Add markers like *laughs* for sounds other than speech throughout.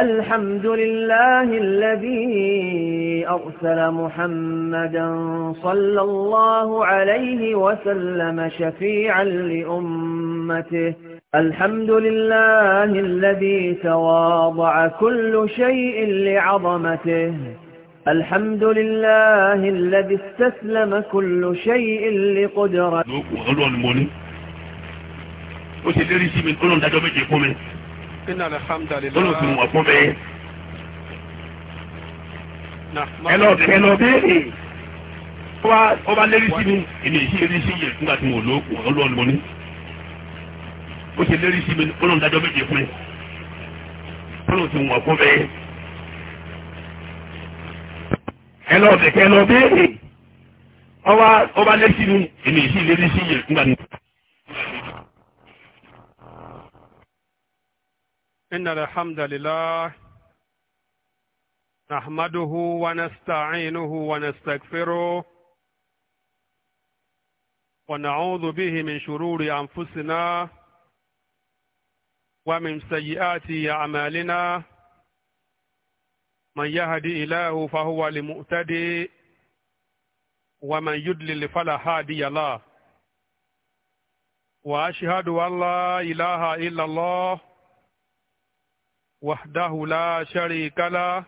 الحمد لله الذي أرسل محمدا صلى الله عليه وسلم شفيعا لأمته الحمد لله الذي تواضع كل شيء لعظمته الحمد لله الذي استسلم كل شيء لقدرته lọ́nà tí wọ́n fún bẹ́ẹ̀. ẹ lọ ẹ lọ béèrè ọba lérí sí mi èmi èyí lérí sí yẹ nígbà tí mo lò ó lọ́ọ̀lù mọ́ ni ó ṣe lérí sí mi ó lọ́n dájọ́ méje fún ẹ lọ́nà tí wọ́n fún bẹ́ẹ̀. ẹ lọ bẹ̀kẹ́ lọ béèrè ọba lérí sí mi èmi èyí lérí sí yẹ nígbà tí mo lò ó إن الحمد لله نحمده ونستعينه ونستغفره ونعوذ به من شرور أنفسنا ومن سيئات أعمالنا من يهدي إله فهو لمؤتدي ومن يدلل فلا هادي له وأشهد أن لا إله إلا الله وحده لا شريك له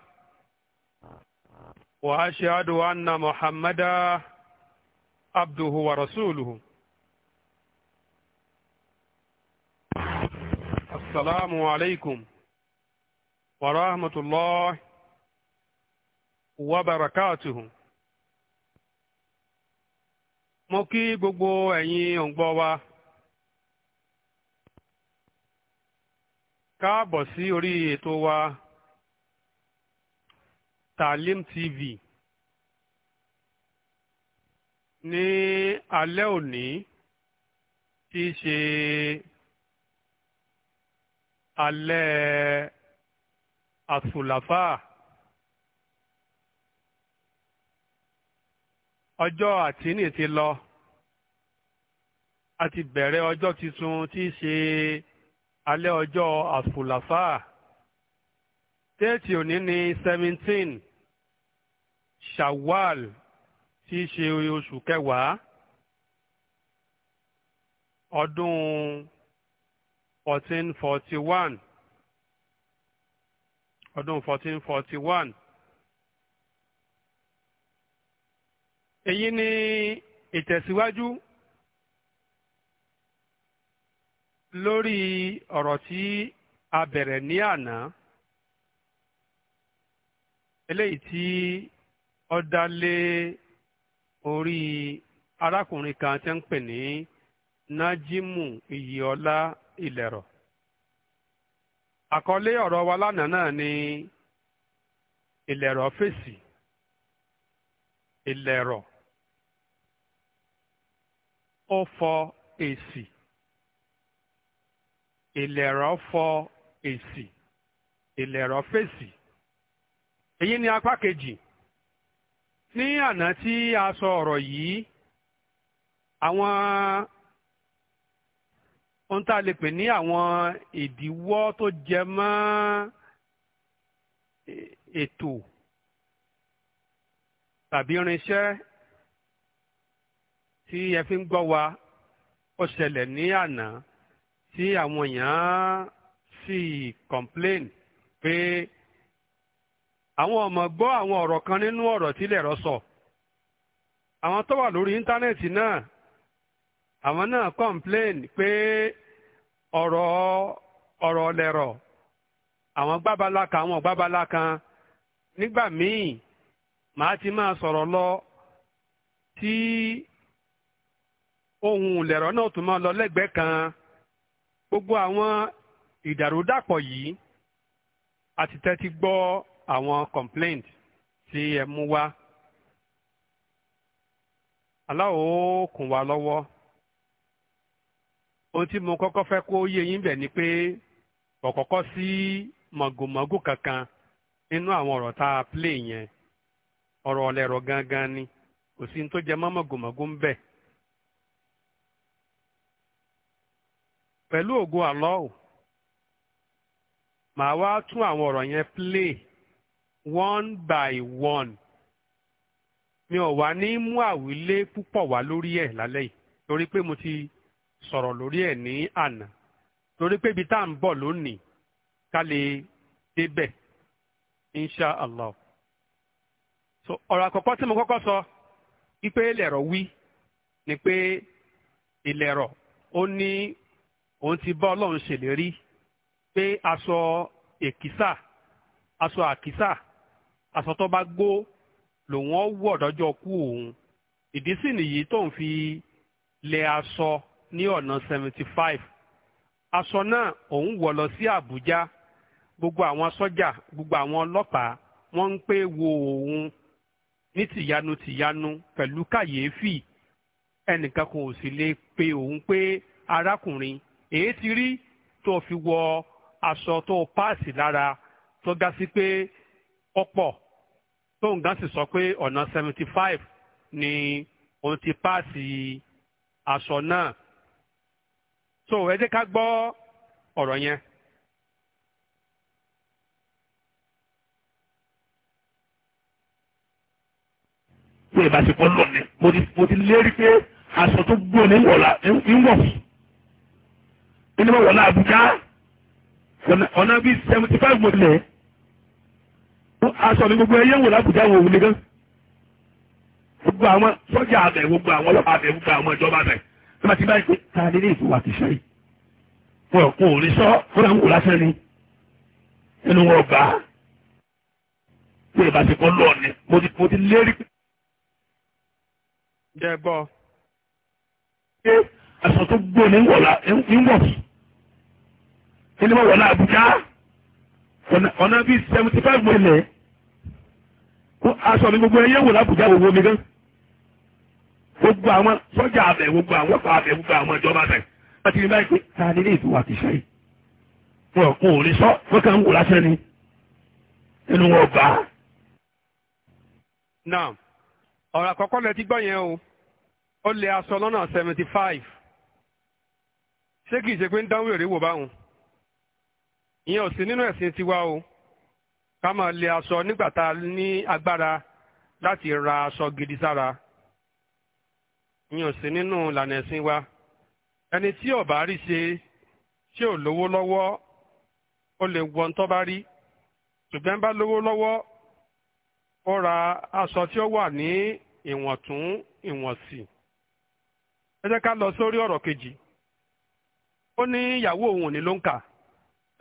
وأشهد أن محمدا عبده ورسوله السلام عليكم ورحمة الله وبركاته mo kí gbogbo ẹ̀yin òǹgbọ́ wa káàbọ̀ sí orí ètò wa Talim TV ní alẹ́ òní tí í ṣe alẹ́ àsùlàfà ọjọ́ àtìní ti lọ a bẹ̀rẹ̀ ọjọ́ tuntun tí í ṣe alẹ́ ọjọ́ àfùlàfà déètì òní ní seventeen shawwal tí í ṣe oṣù kẹwàá ọdún fourteen forty one ọdún fourteen forty one. èyí ni ìtẹ̀síwájú. lórí ọ̀rọ̀ tí a bẹ̀rẹ̀ ní àná eléyìí tí ó dá lé orí arákùnrin kan tí ń pè ní nájímù ìyíọlá ìlẹ̀rọ̀ àkọlé ọ̀rọ̀ wa lánàá náà ni ìlẹ̀rọ̀ fèsì ìlẹ̀rọ̀ ó fọ èsì. ìlẹ̀rọ̀ fọ èsì ìlẹ̀rọ̀ fèsì èyí ni apá kejì ní àná tí a sọ ọ̀rọ̀ yìí àwọn ohun tá a lè pè ní àwọn ìdíwọ́ tó jẹ mọ́ ètò tàbí irinṣẹ́ tí ẹ fi ń gbọ́ wa ó ṣẹlẹ̀ ní àná. tí àwọn èèyàn sì complain pé àwọn ọmọ gbọ́ àwọn ọ̀rọ̀ kan nínú ọ̀rọ̀ tí ilẹ̀ rọ sọ àwọn tó wà lórí íńtánẹ́ẹ̀tì náà àwọn náà complain pé ọ̀rọ̀ ọ̀rọ̀ lẹ̀rọ̀ àwọn gbábala kan àwọn gbábala kan nígbà míì màá ti máa sọ̀rọ̀ lọ tí ohun lẹ̀rọ̀ náà tún máa lọ lẹ́gbẹ̀ẹ́ kan. gbogbo àwọn ìdàrúdàpọ̀ yìí a ti tẹ́tí gbọ́ àwọn complaint tí ẹ mú wá aláwo kùn wá lọ́wọ́ ohun tí mo kọ́kọ́ fẹ́ kó yé yín bẹ̀ ni pé ọ̀kọ́kọ́ sí mọ̀gòmọ́gò kankan nínú àwọn ọ̀rọ̀ tá a plé yẹn ọ̀rọ̀ ọ̀lẹ́rọ̀ gangan ni kò sí ní tó jẹ mọ́ mọ̀gòmọ́gò ń bẹ̀. pẹ̀lú ògo àlọ́ọ̀ màá wá tún àwọn ọ̀rọ̀ yẹn play one by one mi ò wá ní mú àwílé púpọ̀ wá lórí ẹ̀ lálẹ́ yìí torí pé mo ti sọ̀rọ̀ lórí ẹ̀ ní àná torí pé ibi tá à ń bọ̀ lónìí ká lè débẹ̀ insha allah so ọ̀rọ̀ àkọ́kọ́ tí mo kọ́kọ́ sọ wípé ilẹ̀rọ̀ wí ni pé ilẹ̀rọ̀ ó ní òun ti bá ọlọ́run ṣèlérí pé aṣọ èkìsà aṣọ àkìsà aṣọ tó bá gbó lòun ó wọ̀ dọ́jọ́ kú òun ìdí sì nìyí tóun fi lẹ aṣọ ní ọ̀nà seventy five aṣọ náà òun wọ̀ lọ sí Àbújá gbogbo àwọn sọ́jà gbogbo àwọn ọlọ́pàá wọ́n ń pè wo òun ní tìyanu tìyanu pẹ̀lú kàyéfì ẹnìkan kò sì lè pe òun pé arákùnrin èyí ti rí tó fi wọ aṣọ tó páàsì lára tó ga sí pé ọ̀pọ̀ tó ń gán sì sọ pé ọ̀nà seventy five ni òun ti páàsì aṣọ náà so ẹ jẹ́ ká gbọ́ ọ̀rọ̀ yẹn. pé ìbáṣepọ̀ lọ ni mo ti lérí pé aṣọ tó gbó ní wọ̀lá ń wọ̀ fún ẹni wọ́n wọ̀lá Àbújá ọ̀nà bíi seventy five mo tilẹ̀ aṣọ mi gbogbo ẹyẹ wò lábùjá wò wù nìkan gbogbo àwọn sọ́jà abẹ gbogbo àwọn ọlọ́pàá abẹ gbogbo àwọn ìjọba abẹ tí wọ́n ti bá ṣe ta ni ní ìfowó àti ṣe yìí wọn kò rí sọ fúnra ń wò lásán ni ẹnu wọn gbà á pé ìbáṣepọ̀ lọ́ọ̀ni mo ti lérí. jẹ́ gbọ́ aṣọ tó gbó ní wọ̀sù ilé wọn wọ̀ ní Àbújá ọ̀nà bíi seventy five mílẹ̀ aṣọ mi gbogbo ẹyẹ wò lábùjá gbogbo mi gan gbogbo àwọn sọ́jà abẹ gbogbo àwọn ọkọ̀ abẹ gbogbo àwọn ìjọba abẹ wọ́n ti ní báyìí pé ta ni ilé ìtura ti ṣe wọn kò lè sọ wọn kàn ń wò lásán ni inú wọn gbà á. now ọ̀rọ̀ àkọ́kọ́ lẹ ti gbọ́ yẹn o ó lé aṣọ lọ́nà seventy five ṣé kìí ṣe pé ń dánwò èrè wò báwọn ìyẹn ò sí nínú ẹ̀sìn tiwa o ká máa lè aṣọ nígbà tá a ní agbára láti ra aṣọ gidi sára ìyẹn ò sí nínú ìlànà ẹ̀sìn wa ẹni tí ò bá rí ṣe tí ò lówó lọ́wọ́ ó lè wọ ntọ́ bá rí ṣùgbọ́n bá lówó lọ́wọ́ ó ra aṣọ tí ó wà ní ìwọ̀ntún ìwọ̀nsì ẹ jẹ́ ká lọ sórí ọ̀rọ̀ kejì. ó ní ìyàwó òun ò ló ń kà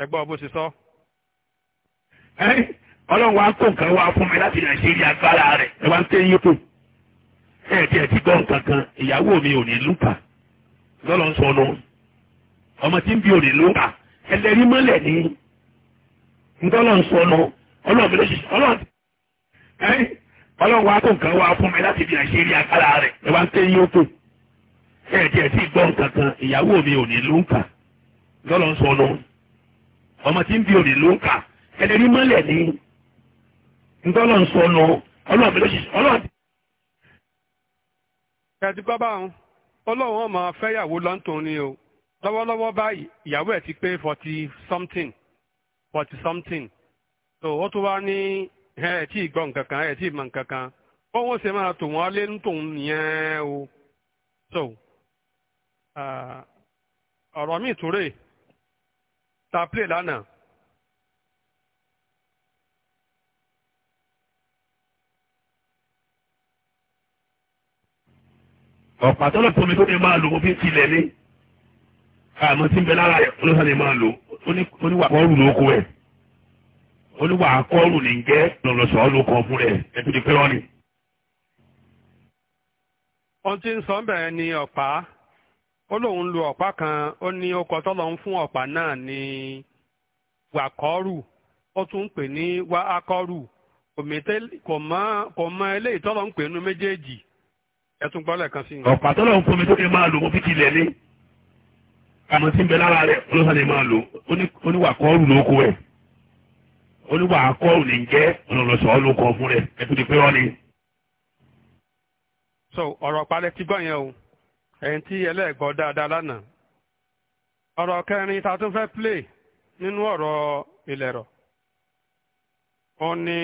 ẹgbọ́n bó ṣe sọ. ọlọ́run wa kó nǹkan wá fún mi láti nàìjíríà agbára rẹ̀ ẹ wá ń tẹ́ yín kù ẹ ti gbọ́ nǹkan kan ìyàwó mi ò ní lùkà ń sọ nù ọmọ tí ń bi ò ní lùkà ẹlẹ́rìí mọ́lẹ̀ ní ntọ́lọ́ ń sọ nù ọlọ́run ọlọ́run wa kó nǹkan wá fún mi láti nàìjíríà ẹ̀ẹ́dì ẹ̀ tí gbọ́ nǹkan kan ìyàwó mi ò ní ló ń kà ọmọ tí ń bi ò ní ló ń kà rí mọ́lẹ̀ ní ọlọ́run ọmọ afẹ́yàwó lọ́ńtò ni o lọ́wọ́lọ́wọ́ báyìí ìyàwó ẹ̀ ti pé forty something forty something so ó tún wá ní ẹ̀ tí ì gbọ́ nǹkan kan ẹ̀ tí ì nǹkan kan so Ah, ọ̀rọ̀ míì tó rè ta play lánàá. ọ̀pá tó lọ́pọ̀ mi tó ní máa lò ó bí tilẹ̀ ní àmọ́ ah, tí ń bẹ lára olóṣèlú ni máa lò oníwà kọ́ọ̀rù ló kó ẹ̀ oníwà kọ́ọ̀rù ní jẹ́ lọ́lọ́sọ̀ ló kọ́ fún rẹ̀ ẹ̀tú ti pẹ́rọ́ ni. ohun tí ń sọ ń bẹ̀rẹ̀ ni ọ̀pá ó lóun lu ọ̀pá kan ó ní ọkọ̀ tọ́lọ̀ ń fún ọ̀pá náà ní wàkọ́rù ó tún ń pè ní wàákọ́rù kò mọ eléyìí tọ́lọ̀ ń pè nu méjèèjì ẹ tún gbọ́ lẹ́ẹ̀kan sí i. ọ̀pá tọ́lọ̀ ń fún mi tó kí n máa lò mo fi ti lẹ̀ àmọ́ tí ń bẹ lára rẹ̀ olóṣà lè máa lò ó ní wàkọ́rù ló kó ẹ̀ ó ní wàkọ́rù lè jẹ́ ọlọ́lọ́sọ̀ ló kọ fún rẹ̀ ẹ̀ tó di pé ọ́ ni. so ọ̀rọ̀ palẹ̀ ti gbọ́ yẹn o. ẹ̀yin tí ẹlẹ́gbọ́ dáadáa lánàá ọ̀rọ̀ kẹrin ta tún fẹ́ play nínú ọ̀rọ̀ ìlẹ̀rọ̀ ó ní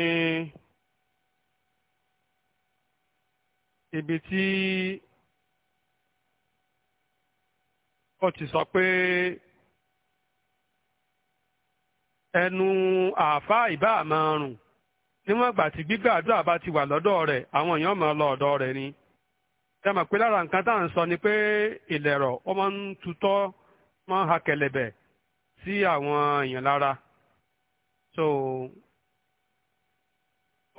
ibi tí ó ti sọ pé ẹnu àáfàá ìbá àmọ́ ọrùn níwọ̀n ìgbà tí gbígbàdúrà bá ti wà lọ́dọ̀ rẹ̀ àwọn èèyàn mọ̀ lọ rẹ̀ ni. dàmà pé lára nǹkan tá à ń sọ ni pé ìlẹ̀rọ̀ ó máa ń tutọ́ máa ń ha kẹ̀lẹ̀bẹ̀ sí àwọn èèyàn lára so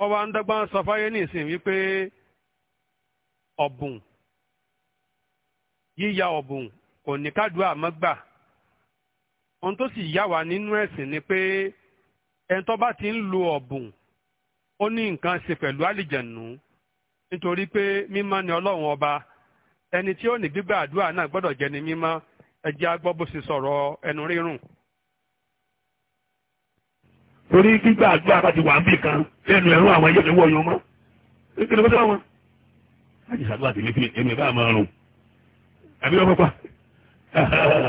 ọba ń dọ́gbọ́n sọ fáyé nìsín wípé ọ̀bùn yíya ọ̀bùn kò ní kádùá àmọ́ ohun tó sì yá wa nínú ẹ̀sìn ni pé ẹni tó bá ti ń lo ọ̀bùn ó ní nǹkan ṣe pẹ̀lú àlìjẹ̀nù nítorí pé mímọ́ ni ọlọ́run ọba ẹni tí ó ní gbígbà àdúrà náà gbọ́dọ̀ jẹ́ ni mímọ́ ẹjẹ́ agbọ́ bó sì sọ̀rọ̀ ẹnu rírùn. torí gbígbà àdúrà bá ti wà ń bì kan ẹnu ẹ̀rú àwọn ẹyẹ mi wọ ọyàn mọ́ kékeré bọ́sẹ̀ wọn. láti ṣàdúrà tèmi fi ẹnu ẹ̀bá máa rùn àbí wọ́n pọ́pọ́.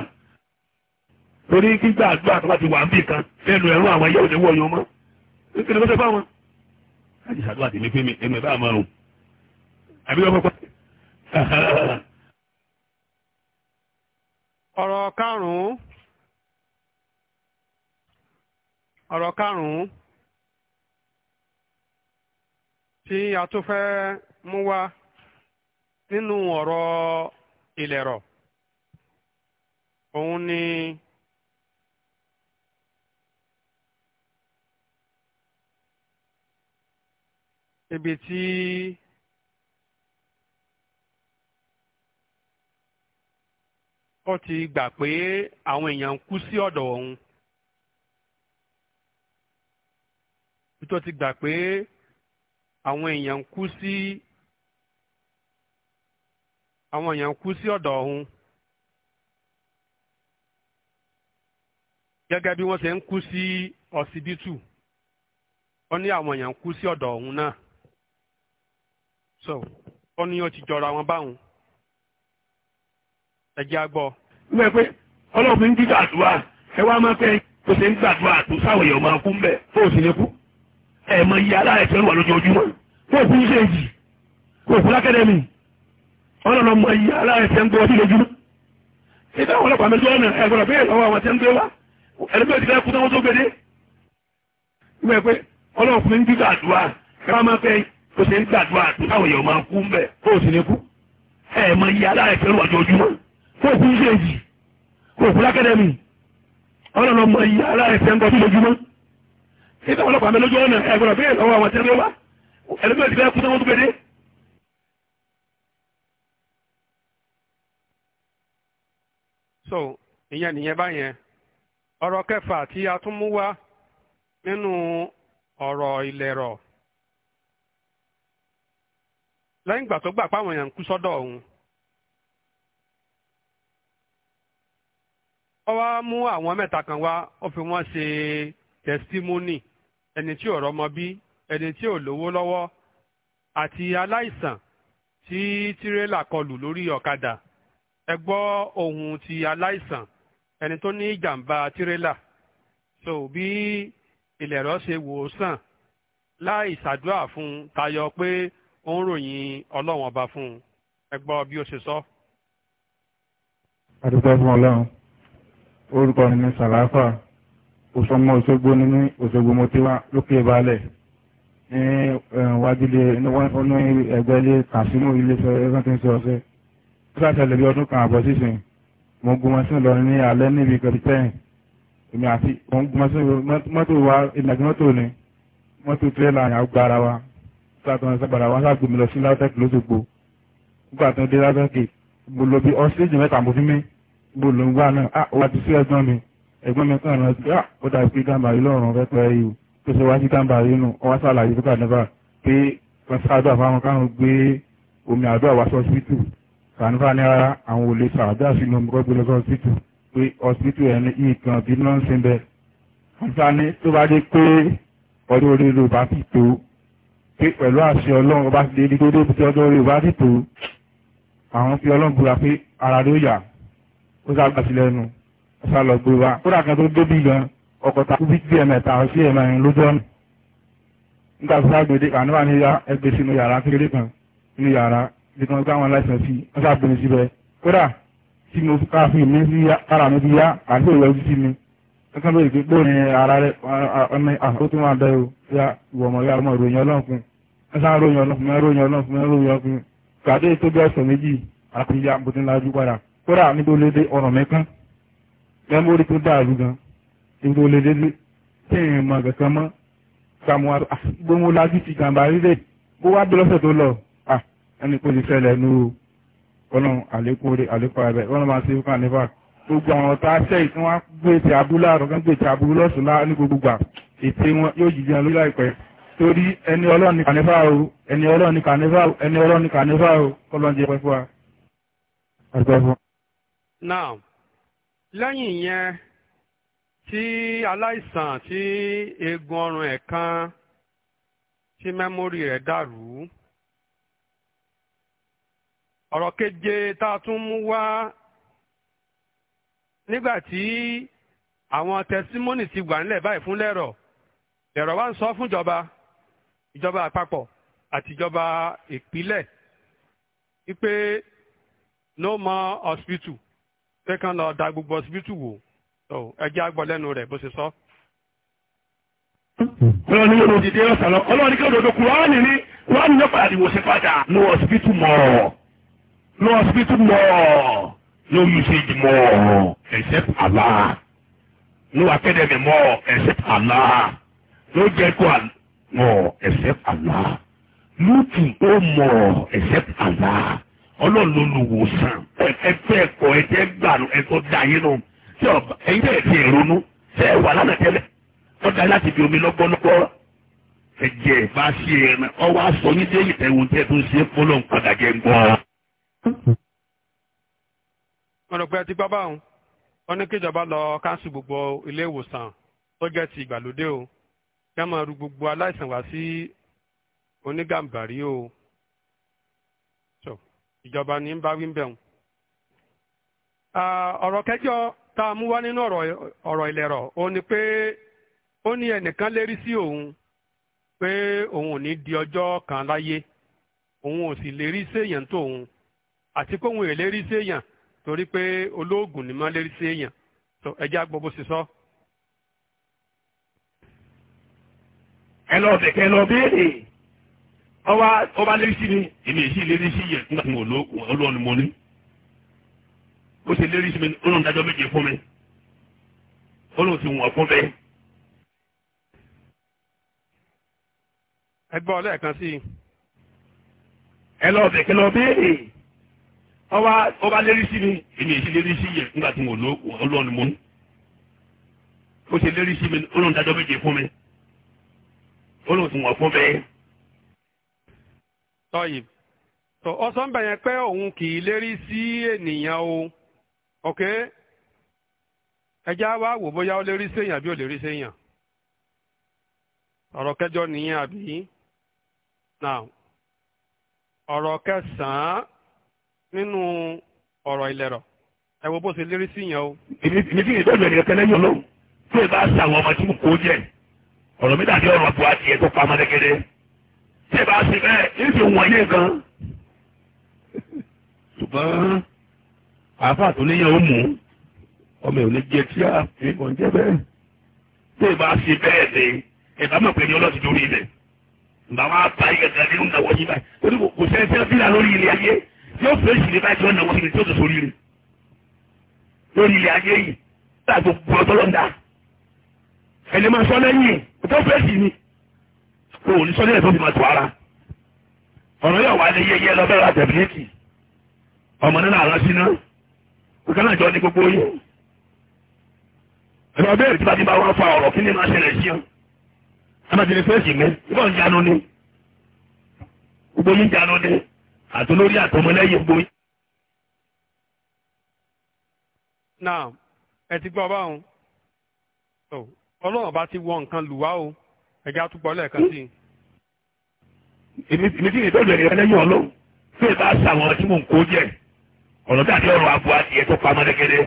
*laughs* torí gbígbà àdúrà bá ti wà ń bì kan ẹnu ẹ̀rú àwọn ẹyẹ mi wọ ọyàn mọ́ kékeré bọ́sẹ̀ wọn. láti ṣàdúrà tèmi fi ẹnu ẹ̀bá máa rùn àbí wọ́n pẹ́ ọ̀rọ̀ karùn-ún ọ̀rọ̀ karùn-ún tí a tún fẹ́ mú nínú ọ̀rọ̀ ìlẹ̀rọ̀ òun ni ibi tí. ó ti gbà pé àwọn èèyàn ń kú sí ọ̀dọ̀ òun tó ti gbà pé àwọn èèyàn ń kú sí àwọn èèyàn kú sí ọ̀dọ̀ òun gẹ́gẹ́ bí wọ́n ṣe ń kú sí ọsibítù ó ní àwọn èèyàn ń kú sí ọ̀dọ̀ òun náà so ó ní ó ti jọra wọn báwọn. ẹjẹ́ agbọ́. wíwẹ́ pé ọlọ́run ń dídà àdúrà ẹ wá máa pẹ́ kò sí ń gbàdúrà tó sáwọn èèyàn máa kú ń bẹ̀ fóò sí lẹ́kú ẹ̀ mọ iye aláàrẹ̀ tẹ́lú wà lójoojúmọ́ fóò fún iṣẹ́ èjì o fún lákẹ́dẹ́mì ọlọ́run mọ iye aláàrẹ̀ tẹ́ ń gbọ́ sí lójúmọ́ ìdá àwọn ọlọ́pàá mẹ́jọ ọ̀nà ẹgbẹ̀rẹ̀ bẹ́ẹ̀ lọ́wọ́ àwọn tẹ́ ń gbé wá ẹ̀lẹ́gbẹ̀ẹ́ ti lẹ́kú táwọn tó gbede wíwẹ́ pé ọlọ́run ń dídà àdúrà ẹ wá máa pẹ́ kò sí ń gbàdúrà tó sáwọn èèyàn máa kú ń bẹ̀ fóò sí kó o fún ṣéèjì kó o fún lákẹ́dẹ́mì ọmọ yìí ara ẹ̀fẹ́ ń bọ́ sí lójúmọ́ ṣé ọlọ́pàá mi lójú ọ̀nà ẹ̀gbọ́n bẹ́ẹ̀ lọ́wọ́ àwọn tẹ́lẹ̀ wá ẹlẹ́gbẹ́ ti bẹ́ẹ̀ kú sọ́wọ́n tó gbé dé. so ìyẹn nìyẹn báyẹn ọ̀rọ̀ kẹfà tí a tún mú wá nínú ọ̀rọ̀ ìlẹ̀rọ̀ lẹ́yìn ìgbà tó gbà páwọn èèyàn kú sọ́dọ̀ ọ̀hún wọ́n wá mú àwọn mẹ́ta kan wá ó fi wọ́n ṣe tẹsítímọ́nì ẹni tí ò rọ́mọ bí ẹni tí ò lówó lọ́wọ́ àti aláìsàn tí tírélà kọlù lórí ọ̀kadà ẹ gbọ́ ohun ti aláìsàn ẹni tó ní ìjàmbá tírélà so bí ìlẹ̀rọ ṣe wò ó sàn láì ṣàdúrà fún un tayọ pé ó ń ròyìn ọlọ́wọ̀n ọba fún un ẹ gbọ́ bí ó ṣe sọ. àdúgbò fún ọlọ́run orúkọ mi ní sàláfà òsọmọ òṣogbo ní ní òṣogbo mo ti wá lókè balẹ̀ ní wájúlé ní ẹgbẹ́ ilé kàṣínú ilé ẹgbẹ́ tó ń sọ ọsẹ tó ṣàṣẹlẹ̀ bí ọdún kan àbọ̀ sísìn mo gun mọ́sí lọ ní alẹ́ níbi kẹrìtẹ́yìn èmi àti òun gun mọ́sí mọ́tò wa ìlàjì mọ́tò ni mọ́tò tírélà yà gba ara wa sàtọ̀ sàgbàrà wa sàgbèmí lọ sí látẹ́kì lóṣogbo nígbà tó dé látẹ́kì mo lo bí ọ́sídẹ̀ẹ́jì gbòlóngbà náà ah wà ti sí ẹ̀gbọ́n mi ẹ̀gbọ́n mi kàn rántí ah ó dà pé gàmbà yìí lọ́rùn rẹpẹ yìí tó ṣe wá sí gàmbà yìí nù ọwọ́ sàlàyé tó kàdébà pé wọ́n ṣáàdùà fáwọn káwọn gbé omi àdúrà wá sí ọsibítù kànífà ní ara àwọn olè ṣàdúrà sínú omi kọ́ gbé lọ sí ọsibítù pé ọsibítù ẹni nǹkan bí náà ń sin bẹ kànífà ní tó bá dé pé ọdún orí ló bá ti tó pé pẹ̀lú àṣẹ ọlọ́run ọba ti dé ní tó dé ibi tí ọdún orí ló bá ti tó àwọn fi ọlọ́run búra pé ara ló yà ó sá gbàsílẹ̀ nu ó sá lọ gbé wa kódà kan tó débi gan ọkọ̀ ta kúbi díẹ̀ mẹ́ta sí ẹ̀ mẹ́rin lójú ọ̀nà nígbà tó sá gbèdé àníwá ní ẹgbẹ́ sínú yàrá kékeré kan nínú yàrá bí kan gbá wọn láìsàn sí ó sá gbèdé síbẹ̀ kódà tí mo ká fún mi sí ara mi bí yá àti òwe ojú sí mi kankan bẹ́ẹ̀ gbé ní ara rẹ̀ ọ̀nà àkókò tó máa bẹ́ẹ̀ ya ìwọ̀ ọmọ ya ọmọ ìròyìn ọlọ́run fún ẹ sáà ròyìn ọlọ́run fún ẹ ròyìn ọlọ́run fún ẹ ròyìn ọlọ́run kódà níbi olédé ọ̀rọ̀ mẹ́kán mẹ́mórí tó dáàrú gan níbi olédé tí èèyàn mọ̀ kankan mọ́ samuwa ah, gbóhùn lájú ti gàmbá rírẹ̀ bó wá dé lọ́sẹ̀ tó lọ ah, ẹni kò lè fẹ́lẹ̀ ní o ọlọ́run àlékòrè àlékòrè abẹ ọlọ́run máa ṣe fún àníbà gbogbo àwọn ọ̀tá aṣẹ́ ìtún wá gbé ti abúlé àrùn kan gbé ti abúlé lọ́sùn lá ní gbogbo gbà ètè wọn yóò jìjì hàn lórí àìpẹ́ torí ẹni ọlọ́run ní kànífà o ẹni ọlọ́run ní kànífà o ẹni ọlọ́run ní kànífà o kọ́lọ́n jẹ́ pẹ́ fún wa now lẹ́yìn yẹn tí aláìsàn tí eegun ọrùn ẹ̀ kan tí mẹ́mórì rẹ̀ dàrú ọ̀rọ̀ keje tá a tún mú wá nígbà tí àwọn tẹsímọ́nì ti wà nílẹ̀ báyìí fún lẹ́rọ̀ lẹ́rọ̀ wá ń sọ fún ìjọba ìjọba àpapọ̀ àti ìjọba ìpínlẹ̀ wípé no more hospital pé kán lọ da gbogbo ọsibítù wò ẹjẹ́ àgbọ̀ lẹ́nu rẹ̀ bó ṣe sọ. ọlọ́run ní olóòdì dé ọ̀sán lọ ọlọ́run ní kí òdòdó kùránì ní kùránì ló padà ìwòsè padà lọ ọsibítù mọ́ lọ ọsibítù mọ́ no usage more except Allah no academy more except Allah no jẹ́kọ̀ọ́ more except Allah lùtù ó more except Allah ọlọ́run ló lu wòsàn ẹfẹ́ ẹ̀kọ́ ẹ̀jẹ̀ gbàánu ẹ̀kọ́ da yín nù tí ọba ẹ̀yin bẹ́ẹ̀ ti ronú ṣe wà lánàá tẹ́lẹ̀ wọ́n da láti fi omi lọ́gbọ́lọ́gbọ́ ẹ̀jẹ̀ bá ṣe ẹ̀rìn ọwọ́ aṣọ yín dé ìtẹ̀wọ̀n tẹ́ tó ń ṣe fọlọ́ nǹkan dàjẹ́ ń gbọ́. ọ̀nà pé àti bábà òun wọ́n ní kíjọba lọ káńsù gbogbo ilé ìwòsàn tó jẹ́ ti ìgbàlódé o kí wọ́n máa ru gbogbo aláìsàn wá sí onígàmbàrí o ìjọba ní ń bá wí ń bẹ̀rùn. ọ̀rọ̀ kẹjọ tá a mú wá nínú ọ̀rọ̀ ìlẹ̀rọ̀ ó ní pé ó ní ẹnìkan lérí sí òun pé òun ò ní di ọjọ́ kan láyé òun ò sì lérí séèyàn tóun àti pé òun ò lérí séèyàn torí pé olóògùn ni máa lérí séèyàn ẹjẹ́ àgbọ̀ bó ṣe sọ. ẹ lọ bẹ̀kẹ́ lọ béèrè ọba ọba lérísí ni èmi èsì lérísí yẹ nígbà tí mo lọ ọlọ́ọ̀ni mo ní ó ṣe lérísí mi ọlọ́run dájọ́ méje fún mi ọlọ́run ti wọ̀n fún bẹ́ẹ̀. ẹ gbọ́ lẹ́ẹ̀kan sí i. ẹ lọ bẹ̀ kí lọ béèrè ọba ọba lérísí ni èmi èsì lérísí yẹ nígbà tí mo lọ ọlọ́ọ̀ni mo ní ó ṣe lérísí mi ọlọ́run dájọ́ méje fún mi ọlọ́run ti wọ̀n fún bẹ́ẹ̀. tọ́yì tó ọsàn bẹ̀yẹn pé òun kì í lérí sí ènìyàn o ok ẹjá wa wò bóyá ó lérí séèyàn àbí ó lérí séèyàn ọrọ kẹjọ nìyẹn àbí now ọrọ kẹsàn-án nínú ọrọ ìlẹ̀rọ̀ ẹ wo bó ṣe lérí síyàn o. èmi fi yàn lóhùn tí bá ṣàwọn ọmọ tí mo kó jẹ ọ̀rọ̀ mi dàbí ọ̀rọ̀ àbúrò tí ìbá sí bẹ́ẹ̀ ní ti wọ̀nyí gan. ṣùgbọ́n àáfà tó níyàn ó mú ọmọ ẹ̀ ò ní jẹ tí a fi kàn jẹ bẹ́ẹ̀ tí ìbá sí bẹ́ẹ̀ ni ìbá mọ̀ pé ní ọlọ́ọ̀tì lórí ilẹ̀ ìbá wa ta ìgbẹ̀gbẹ̀ nínú ìnáwó yìí báyìí kò sẹ́ni tí wọ́n fi là lórí ilẹ̀ ayé yóò fẹ́ sì ní báyìí tí wọ́n náwó síbi tí ó tó sórí rẹ̀ lórí ilẹ̀ ayé yìí láti gbọ́ ọtọ́lọ́dà ẹni máa o ò ní sọ́lé ẹ̀ tó fi máa tù ara ọ̀rọ̀ yóò wá ní yẹ́yẹ́ lọ́bẹ̀rẹ̀ àtẹ̀bílẹ́tì ọmọ nínú àrà síná kókẹ́ náà jọ ní gbogbo yìí ẹ̀rọ bẹ́ẹ̀ tí bá bá wọn fa ọ̀rọ̀ kí ni máa ṣẹlẹ̀ sí ọ amadede fẹ́ẹ̀sì mi ìbọn ń jánu ni gbogbo yìí ń jánu ni àtolórí àtọmọlẹ́yìn gbogbo yìí. náà ẹ ti gbọ́ báwọn ọlọ́run bá ti wọ nǹkan lù wá o ẹja tó gbọ́ lẹ́ẹ̀kan sí i. èmi tí ìtọ́jú ènìyàn lẹ́yìn ọlọ́run tí ì bá ṣàwọn tí mò ń kó jẹ ọ̀nà tí àdéhùn abo adìyẹ tó pamọ́ lẹ́gẹ́dẹ́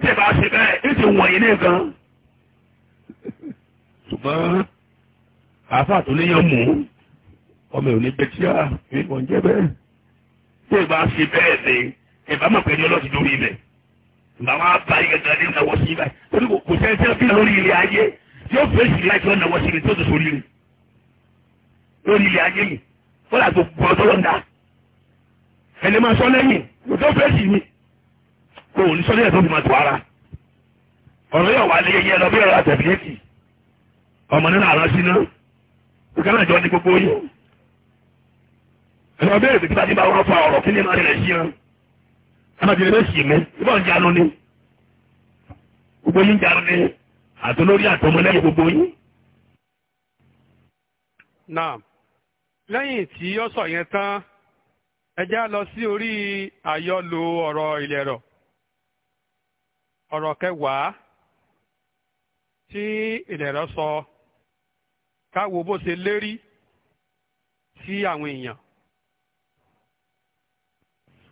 tí ì bá ṣe bẹ́ẹ̀ ní ti wọ̀nyí ní nǹkan. ṣùgbọ́n àáfàá tó léyàn mú ọmọ ìròyìn gbẹtíà ìbọn jẹ bẹ́ẹ̀ tí ì bá ṣe bẹ́ẹ̀ ni ìbá mọ̀ pé ní ọlọ́ọ̀tì lórí ilẹ̀ ìbá wọn á bá ìgbẹ̀gbẹ̀ ní ìnáwó sí yóò fèsì láti ọ̀nà wọ́n síbi tó tó sórí rẹ̀ lórí ilẹ̀ ayé yìí fọlá gbogbo ọ̀dọ́rọ̀ ńdá ẹni máa sọ lẹ́yìn kò tó fèsì mi kò ní sọ lẹ́yìn tó fi máa tó ara ọ̀rọ̀ yóò wà lẹ́yìn yẹn lọ bí ọ̀rọ̀ àtẹ̀bíyẹ́tì ọmọ nínú àrùn sí náà ìkànnì àjọ ní gbogbo yìí ẹ̀rọ bẹ́ẹ̀ bí kíkàdé bá wọ́n fa ọ̀rọ̀ kí ni máa rẹ̀ àtolórí àtọmọlẹ́yìn gbogbo yín. náà lẹ́yìn tí ó sọ yẹn tán ẹ já lọ sí orí àyọlò ọ̀rọ̀ ìlẹ̀rọ̀ ọ̀rọ̀ kẹwàá tí ìlẹ̀rọ̀ sọ káwo bó ṣe lérí sí àwọn èèyàn.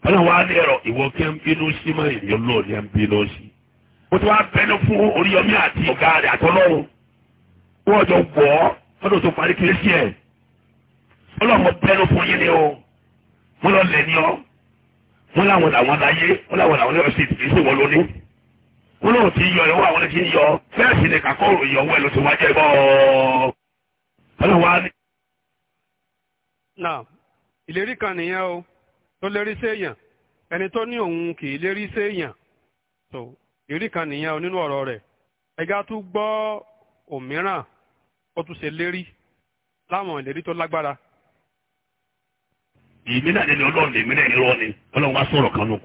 ọlọ́wọ́ á lè rọ ìwọ kí n bínú sí mọ́ èèyàn lóò ní n bínú sí ó ti wá bẹnu fún oríyọmí àti ọ̀gá rẹ̀ àtọ́lọ́run wọ́n jọ wọ̀ ọ́ tó parí kílésì ẹ̀ ọlọ́mọ bẹnu fún yín ni o wọ́n lọ lẹ̀ ní ọ́ wọ́n láwọn làwọn láyé wọ́n láwọn làwọn lọ́wọ́ sí ìdílé ìwọ lóní wọ́n lọ́wọ́ ti yọ ẹ̀wọ́ àwọn ti ń yọ fẹ́ẹ̀sì ni kàkọ́ òròyìn ọwọ́ ẹ̀ ló ti wá jẹ́ bọ́ ọlọ́wọ́ náà ìlérí kan nìyẹn o tó lérí séèyàn ẹni tó ní òun kì í lérí séèyàn ìrí kan nìyẹn onínú ọ̀rọ̀ rẹ̀ ẹja tún gbọ́ òmíràn ó tún ṣe lérí láwọn ìlérí tó lágbára. ìmínà ni ọlọ́run lè mìíràn irọ́ ni ọlọ́run wá sọ̀rọ̀ kan ló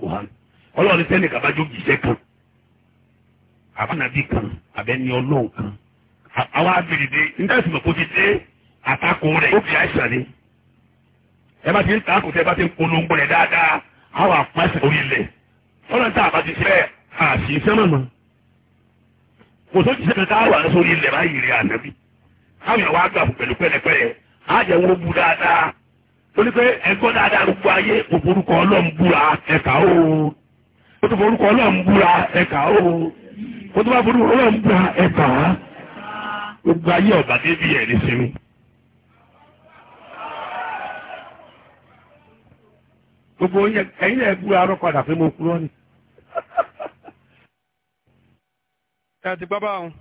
ọlọ́run sẹ́ni kàbájọ́ jìṣẹ́ kan àbánabi kan àbẹ́ni ọlọ́run kan àwọn abèrèdè nígbàtí mọ̀ kó ti dé àtakò rẹ̀ ó fi àìsàn ni ẹ ti ń ti ń polongo rẹ̀ dáadáa àwọn àpáṣẹ orí ilẹ̀ ọlọ́run tá àti sẹ́mọ̀mọ́ kò tó ti sẹ́kẹ̀ ká wà sórí ilẹ̀ báyìí rí ànábì káwọn yẹn wá pẹ̀lú pẹ̀lẹ́pẹ̀lẹ́ àjẹ́ wo bu dáadáa torí ẹgbọ́n dáadáa gbogbo ayé kò forúkọ ọlọ́run búra ẹ̀ka o kò tó ọlọ́run búra ẹ̀ka o kò tó ọlọ́run búra ẹ̀ka gbogbo ayé ọ̀bà débi ẹ̀ ní sinmi. gbogbo ẹ̀ kúrọ́ ni. É de babão.